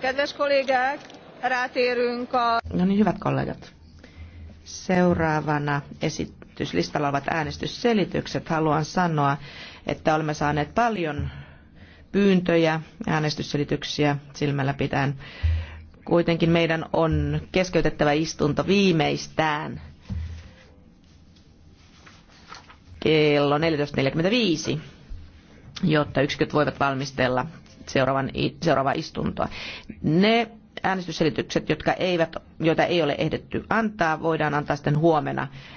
Kedves kollégák, rátérünk a... No niin, hyvät kollegat. Seuraavana esityslistalla ovat äänestysselitykset. Haluan sanoa, että olemme saaneet paljon pyyntöjä, äänestysselityksiä silmällä pitäen. Kuitenkin meidän on keskeytettävä istunto viimeistään kello 14.45, jotta yksiköt voivat valmistella seuraavan, seuraavaa istuntoa. Ne äänestysselitykset, jotka eivät, joita ei ole ehditty antaa, voidaan antaa sitten huomenna